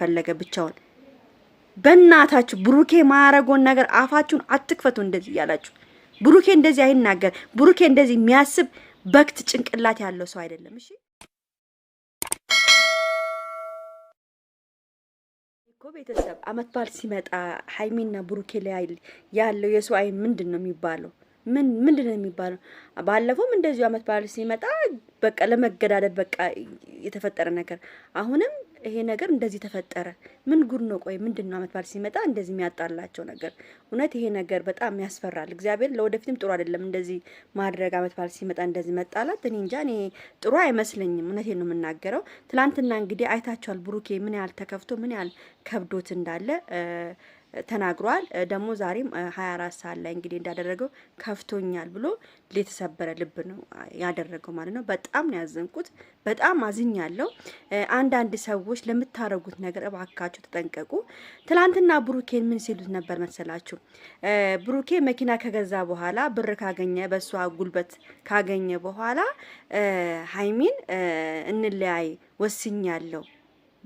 ፈለገ ብቻውን። በእናታችሁ ብሩኬ ማረጎን ነገር አፋችሁን አትክፈቱ። እንደዚህ እያላችሁ ብሩኬ እንደዚህ አይናገር፣ ብሩኬ እንደዚህ የሚያስብ በክት ጭንቅላት ያለው ሰው አይደለም። እሺ እኮ ቤተሰብ አመት በዓል ሲመጣ ሀይሚና ብሩኬ ላይ ያለው የሰው አይን ምንድን ነው የሚባለው? ምን ምንድን ነው የሚባለው? ባለፈውም እንደዚሁ አመት በዓል ሲመጣ በቃ ለመገዳደል በቃ የተፈጠረ ነገር አሁንም ይሄ ነገር እንደዚህ ተፈጠረ፣ ምን ጉድ ነው? ቆይ ምንድን ነው? አመት በዓል ሲመጣ እንደዚህ የሚያጣላቸው ነገር እውነት ይሄ ነገር በጣም ያስፈራል። እግዚአብሔር ለወደፊትም ጥሩ አይደለም እንደዚህ ማድረግ። አመት በዓል ሲመጣ እንደዚህ መጣላት፣ እኔ እንጃ፣ እኔ ጥሩ አይመስለኝም። እውነቴን ነው የምናገረው። ትላንትና እንግዲህ አይታችኋል፣ ብሩኬ ምን ያህል ተከፍቶ ምን ያህል ከብዶት እንዳለ ተናግሯል። ደግሞ ዛሬም 24 ሰዓት ላይ እንግዲህ እንዳደረገው ከፍቶኛል ብሎ የተሰበረ ልብ ነው ያደረገው ማለት ነው። በጣም ነው ያዘንኩት፣ በጣም አዝኛለሁ። አንዳንድ ሰዎች ለምታደርጉት ነገር እባካችሁ ተጠንቀቁ። ትናንትና ብሩኬን ምን ሲሉት ነበር መሰላችሁ? ብሩኬ መኪና ከገዛ በኋላ ብር ካገኘ በእሷ ጉልበት ካገኘ በኋላ ሀይሚን እንለያይ ወስኛለሁ፣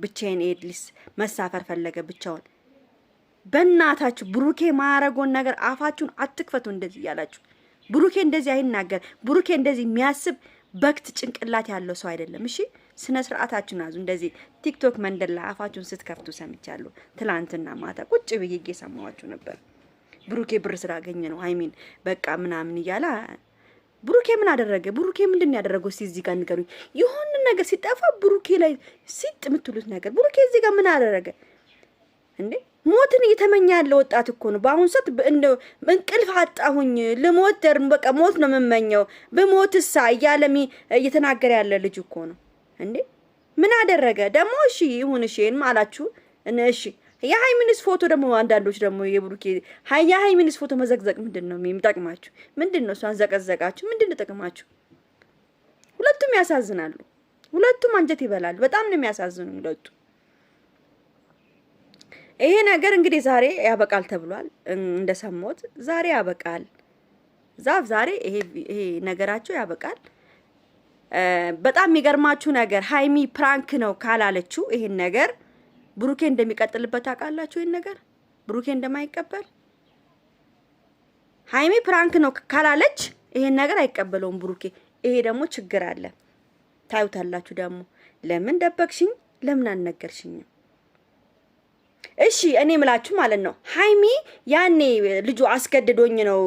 ብቻዬን ኤድሊስ መሳፈር ፈለገ ብቻውን በእናታችሁ ብሩኬ ማረጎን ነገር አፋችሁን አትክፈቱ። እንደዚህ እያላችሁ ብሩኬ እንደዚህ አይናገር፣ ብሩኬ እንደዚህ የሚያስብ በክት ጭንቅላት ያለው ሰው አይደለም። እሺ ስነ ስርዓታችሁን አዙ። እንደዚህ ቲክቶክ መንደላ አፋችሁን ስትከፍቱ ሰምቻለሁ። ትላንትና ማታ ቁጭ ብዬ እየሰማኋችሁ ነበር። ብሩኬ ብር ስላገኘ ነው አይሚን በቃ ምናምን እያለ ብሩኬ ምን አደረገ? ብሩኬ ምንድን ያደረገው? እስቲ እዚህ ጋር ንገሩኝ። የሆነ ነገር ሲጠፋ ብሩኬ ላይ ሲጥ የምትሉት ነገር ብሩኬ እዚህ ጋር ምን አደረገ እንዴ? ሞትን እየተመኘ ያለ ወጣት እኮ ነው። በአሁኑ ሰዓት እንቅልፍ አጣሁኝ ልሞት ደር በቃ ሞት ነው የምመኘው ብሞትሳ እያለ እየተናገረ ያለ ልጅ እኮ ነው እንዴ። ምን አደረገ ደግሞ? እሺ ይሁን፣ እሺ ይሄንም አላችሁ እሺ። የሀይሚንስ ፎቶ ደግሞ አንዳንዶች ደግሞ የብሩኬ የሀይሚንስ ፎቶ መዘቅዘቅ ምንድን ነው የሚጠቅማችሁ? ምንድን ነው እሷን ዘቀዘቃችሁ? ምንድን ነው ጥቅማችሁ? ሁለቱም ያሳዝናሉ። ሁለቱም አንጀት ይበላሉ። በጣም ነው የሚያሳዝኑ ሁለቱ ይሄ ነገር እንግዲህ ዛሬ ያበቃል ተብሏል። እንደሰሞት ዛሬ ያበቃል። ዛፍ ዛሬ ይሄ ነገራቸው ያበቃል። በጣም የሚገርማችሁ ነገር ሀይሚ ፕራንክ ነው ካላለችው ይሄን ነገር ብሩኬ እንደሚቀጥልበት ታውቃላችሁ። ይሄን ነገር ብሩኬ እንደማይቀበል ሀይሚ ፕራንክ ነው ካላለች ይሄን ነገር አይቀበለውም ብሩኬ። ይሄ ደግሞ ችግር አለ። ታዩታላችሁ ደግሞ ለምን ደበቅሽኝ? ለምን አልነገርሽኝም? እሺ እኔ ምላችሁ ማለት ነው ሀይሚ ያኔ ልጁ አስገድዶኝ ነው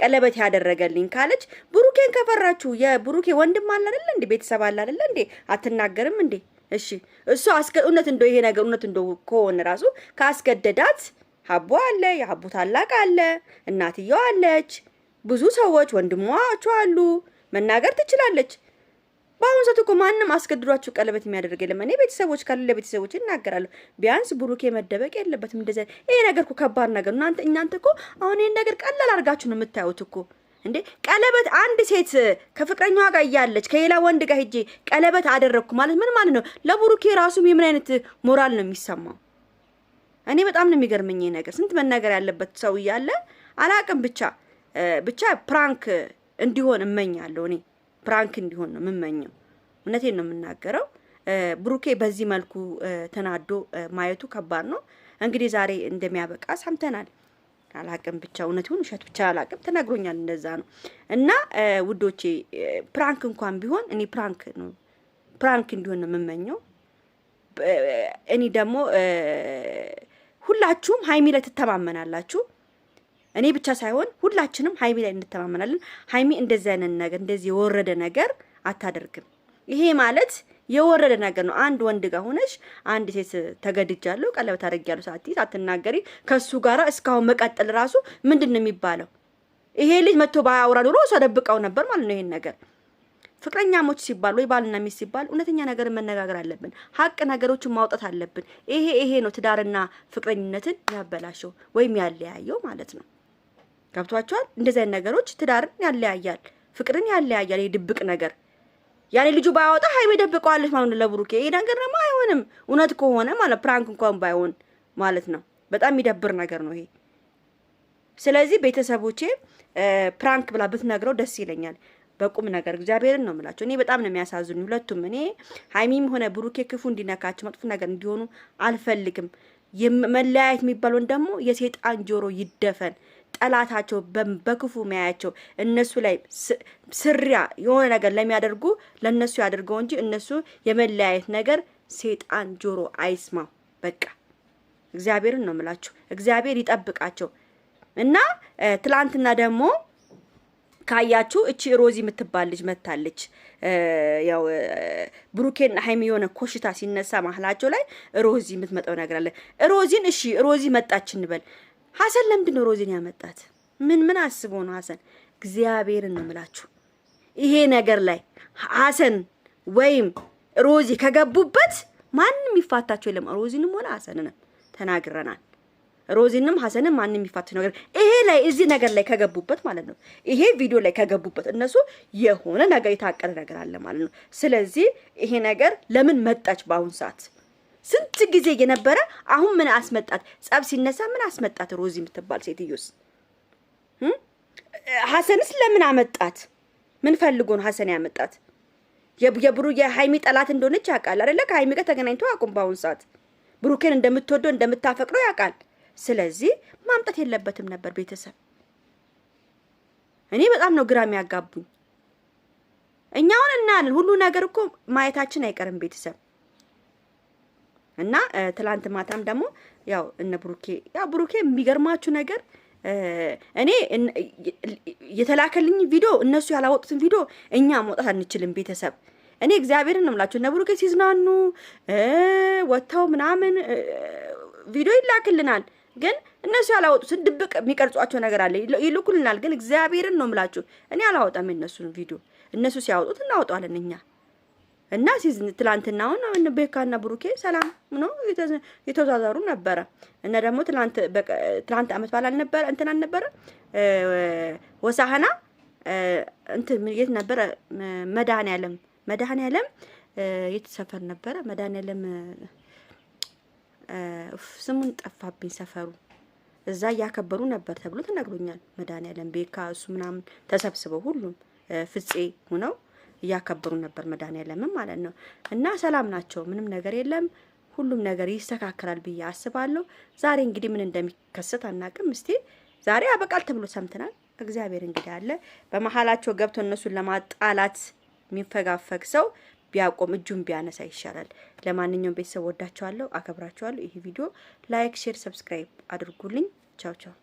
ቀለበት ያደረገልኝ ካለች፣ ብሩኬን ከፈራችሁ የብሩኬ ወንድም አለ አይደለ እንዴ? ቤተሰብ አለ አይደለ እንዴ? አትናገርም እንዴ? እሺ እሱ እውነት እንደው ይሄ ነገር እውነት እንደው ከሆነ ራሱ ካስገደዳት ሀቦ አለ፣ የሀቦ ታላቅ አለ፣ እናትየው አለች፣ ብዙ ሰዎች ወንድሞቿ አሉ። መናገር ትችላለች። እኮ ማንም አስገድዷችሁ ቀለበት የሚያደርግ የለም። እኔ ቤተሰቦች ካሉ ለቤተሰቦች እናገራለሁ። ቢያንስ ብሩኬ መደበቅ የለበትም። እንደዚ ይሄ ነገር እኮ ከባድ ነገር እናንተ እናንተ እኮ አሁን ይህን ነገር ቀላል አድርጋችሁ ነው የምታዩት እኮ እንዴ ቀለበት አንድ ሴት ከፍቅረኛዋ ጋር እያለች ከሌላ ወንድ ጋር ሄጄ ቀለበት አደረግኩ ማለት ምን ማለት ነው? ለቡሩኬ ራሱ የምን አይነት ሞራል ነው የሚሰማው? እኔ በጣም ነው የሚገርመኝ ነገር። ስንት መናገር ያለበት ሰው እያለ አላቅም። ብቻ ብቻ ፕራንክ እንዲሆን እመኛለሁ እኔ ፕራንክ እንዲሆን ነው የምመኘው። እውነቴን ነው የምናገረው። ብሩኬ በዚህ መልኩ ተናዶ ማየቱ ከባድ ነው። እንግዲህ ዛሬ እንደሚያበቃ ሰምተናል። አላቅም ብቻ እውነት ይሁን ውሸት ብቻ አላቅም፣ ተናግሮኛል። እንደዛ ነው እና ውዶቼ፣ ፕራንክ እንኳን ቢሆን እኔ ፕራንክ ነው ፕራንክ እንዲሆን ነው የምመኘው። እኔ ደግሞ ሁላችሁም ሀይሚ ላይ ትተማመናላችሁ። እኔ ብቻ ሳይሆን ሁላችንም ሀይሚ ላይ እንተማመናለን። ሀይሚ እንደዚህ አይነት ነገር እንደዚህ የወረደ ነገር አታደርግም። ይሄ ማለት የወረደ ነገር ነው። አንድ ወንድ ጋር ሆነሽ አንድ ሴት ተገድጃለሁ፣ ቀለበት አድርጌያለሁ ሳትይ ሳትናገሪ ከሱ ጋራ እስካሁን መቀጠል ራሱ ምንድን ነው የሚባለው? ይሄ ልጅ መጥቶ ባያውራ ኑሮ እሷ ደብቀው ነበር ማለት ነው። ይሄን ነገር ፍቅረኛሞች ሲባል ወይ ባልና ሚስት ሲባል እውነተኛ ነገር መነጋገር አለብን። ሀቅ ነገሮችን ማውጣት አለብን። ይሄ ይሄ ነው ትዳርና ፍቅረኝነትን ያበላሸው ወይም ያለያየው ማለት ነው። ገብቷቸዋል። እንደዚህ አይነት ነገሮች ትዳርን ያለያያል፣ ፍቅርን ያለያያል። የድብቅ ነገር ያኔ ልጁ ባያወጣ ሀይሚ ደብቀዋለች ማለት ነው ለብሩኬ። ይሄ ነገር ደግሞ አይሆንም፣ እውነት ከሆነ ማለት ፕራንክ እንኳን ባይሆን ማለት ነው። በጣም የሚደብር ነገር ነው ይሄ። ስለዚህ ቤተሰቦቼ ፕራንክ ብላ ብትነግረው ደስ ይለኛል። በቁም ነገር እግዚአብሔርን ነው የምላቸው። እኔ በጣም ነው የሚያሳዝኑ ሁለቱም። እኔ ሀይሚም ሆነ ብሩኬ ክፉ እንዲነካቸው መጥፎ ነገር እንዲሆኑ አልፈልግም። መለያየት የሚባለውን ደግሞ የሴጣን ጆሮ ይደፈን። ጠላታቸው በክፉ መያያቸው እነሱ ላይ ስሪያ የሆነ ነገር ለሚያደርጉ ለእነሱ ያደርገው እንጂ እነሱ የመለያየት ነገር ሴጣን ጆሮ አይስማው። በቃ እግዚአብሔርን ነው ምላችሁ። እግዚአብሔር ይጠብቃቸው እና ትላንትና ደግሞ ካያችሁ እቺ ሮዚ የምትባል ልጅ መታለች። ያው ብሩኬና ሀይሚ የሆነ ኮሽታ ሲነሳ ማህላቸው ላይ ሮዚ የምትመጣው ነገር አለ። ሮዚን እሺ ሮዚ መጣች እንበል። ሀሰን ለምንድን ነው ሮዚን ያመጣት? ምን ምን አስቦ ነው ሀሰን? እግዚአብሔርን ነው የምላችሁ ይሄ ነገር ላይ ሀሰን ወይም ሮዚ ከገቡበት ማንም የሚፋታቸው የለም። ሮዚንም ሆነ ሀሰንንም ተናግረናል። ሮዚንም ሀሰንም ማንም የሚፋታቸው ነገር ይሄ ላይ እዚህ ነገር ላይ ከገቡበት ማለት ነው ይሄ ቪዲዮ ላይ ከገቡበት እነሱ የሆነ ነገር የታቀደ ነገር አለ ማለት ነው። ስለዚህ ይሄ ነገር ለምን መጣች በአሁን ሰዓት ስንት ጊዜ የነበረ አሁን ምን አስመጣት? ጸብ ሲነሳ ምን አስመጣት? ሮዚ የምትባል ሴትዮስ ሀሰንስ ለምን አመጣት? ምን ነው ሀሰን ያመጣት? የብሩ የሀይሚ ጠላት እንደሆነች ያውቃል አይደለ? ከሀይሚ ጋር ተገናኝቶ አቁም። በአሁኑ ሰዓት ብሩኬን እንደምትወደው እንደምታፈቅረው ያውቃል። ስለዚህ ማምጣት የለበትም ነበር። ቤተሰብ እኔ በጣም ነው ግራ ያጋቡኝ። እኛውን እናያለን። ሁሉ ነገር እኮ ማየታችን አይቀርም ቤተሰብ እና ትላንት ማታም ደግሞ ያው እነ ብሩኬ ያው ብሩኬ የሚገርማችሁ ነገር እኔ የተላከልኝ ቪዲዮ እነሱ ያላወጡትን ቪዲዮ እኛ መውጣት አንችልም። ቤተሰብ እኔ እግዚአብሔርን ነው የምላችሁ። እነ ብሩኬ ሲዝናኑ ወጥተው ምናምን ቪዲዮ ይላክልናል፣ ግን እነሱ ያላወጡትን ድብቅ የሚቀርጿቸው ነገር አለ ይልኩልናል፣ ግን እግዚአብሔርን ነው የምላችሁ። እኔ አላወጣም የእነሱን ቪዲዮ። እነሱ ሲያወጡት እናወጣዋለን እኛ እና ሲዝን ትላንትና አሁን ቤካና ብሩኬ ሰላም ነው የተዛዛሩ ነበረ። እና ደግሞ ትላንት ትላንት አመት በዓል አልነበረ እንትን አልነበረ ወሳሃና እንትን የት ነበረ? መድኃኔዓለም መድኃኔዓለም የት ሰፈር ነበረ? መድኃኔዓለም ስሙን ጠፋብኝ ሰፈሩ። እዛ እያከበሩ ነበር ተብሎ ተነግሮኛል። መድኃኔዓለም ቤካ እሱ ምናምን ተሰብስበው ሁሉም ፍፄ ሆነው እያከበሩ ነበር መድኃኒዓለምን ማለት ነው። እና ሰላም ናቸው፣ ምንም ነገር የለም። ሁሉም ነገር ይስተካከላል ብዬ አስባለሁ። ዛሬ እንግዲህ ምን እንደሚከሰት አናቅም። እስቲ ዛሬ አበቃል ተብሎ ሰምተናል። እግዚአብሔር እንግዲህ አለ በመሀላቸው ገብቶ እነሱን ለማጣላት የሚፈጋፈግ ሰው ቢያቆም እጁን ቢያነሳ ይሻላል። ለማንኛውም ቤተሰብ ወዳቸዋለሁ፣ አከብራቸዋለሁ። ይህ ቪዲዮ ላይክ፣ ሼር፣ ሰብስክራይብ አድርጉልኝ። ቻው ቻው።